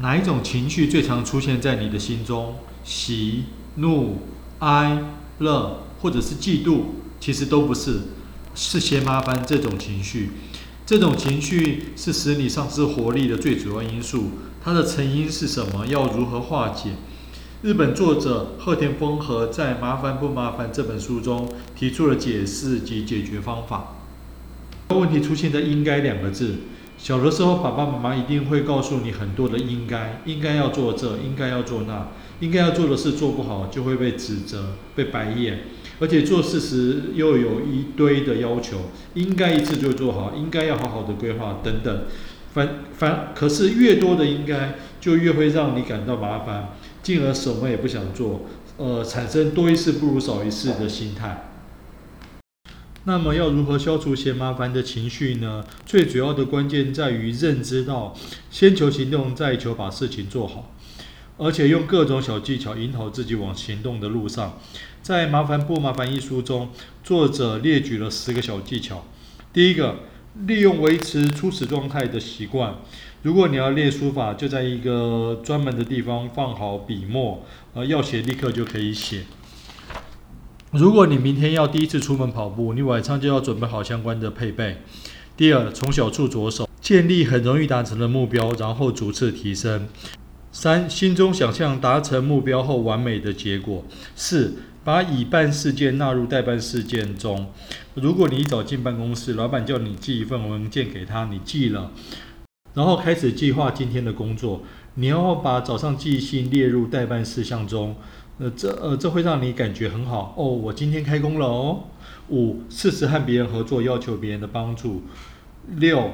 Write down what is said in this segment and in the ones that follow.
哪一種情緒最常出現在你的心中？喜、怒、哀、樂，或者是嫉妒，其實都不是，是嫌麻煩這種情緒。這種情緒是使你喪失活力的最主要因素。它的成因是什麼？要如何化解？日本作者鶴田豐和在《麻煩不麻煩》這本書中提出了解釋及解決方法。問題出現在“應該”兩個字。小的時候，爸爸媽媽一定會告訴你很多的應該，應該要做這，應該要做那，應該要做的事做不好就會被指責、被白眼，而且做事時又有一堆的要求，應該一次就做好，應該要好好的規劃等等。反反，可是越多的應該，就越會讓你感到麻煩，進而什麼也不想做，呃，產生多一事不如少一事的心態。那麼要如何消除嫌麻煩的情緒呢？最主要的關鍵在於認知到，先求行動，再求把事情做好，而且用各種小技巧引導自己往行動的路上。在《麻煩不麻煩》一書中，作者列舉了十個小技巧。第一個，利用維持初始狀態的習慣。如果你要練書法，就在一個專門的地方放好筆墨，呃，要寫立刻就可以寫。如果你明天要第一次出門跑步，你晚上就要準備好相關的配備。第二，從小處着手，建立很容易達成的目標，然後逐次提升。三，心中想象達成目標後完美的結果。四，把已辦事件納入待辦事件中。如果你一早進辦公室，老闆叫你寄一份文件給他，你寄了，然後開始計劃今天的工作，你要把早上寄信列入待辦事項中。呃，這呃，這會讓你感覺很好哦。我今天開工了哦。五，適時和別人合作，要求別人的幫助。六，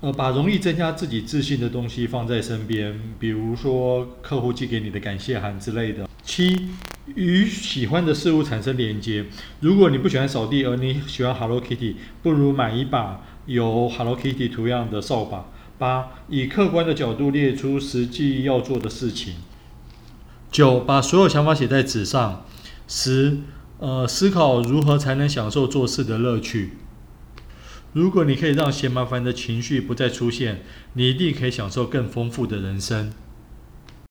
呃，把容易增加自己自信的東西放在身邊，比如說客戶寄給你的感謝函之類的。七，與喜歡的事物產生連接。如果你不喜歡掃地，而你喜歡 Hello Kitty，不如買一把有 Hello Kitty 圖樣的掃把。八，以客觀的角度列出實際要做的事情。九，把所有想法寫在紙上。十，呃，思考如何才能享受做事的樂趣。如果你可以讓嫌麻煩的情緒不再出現，你一定可以享受更豐富的人生。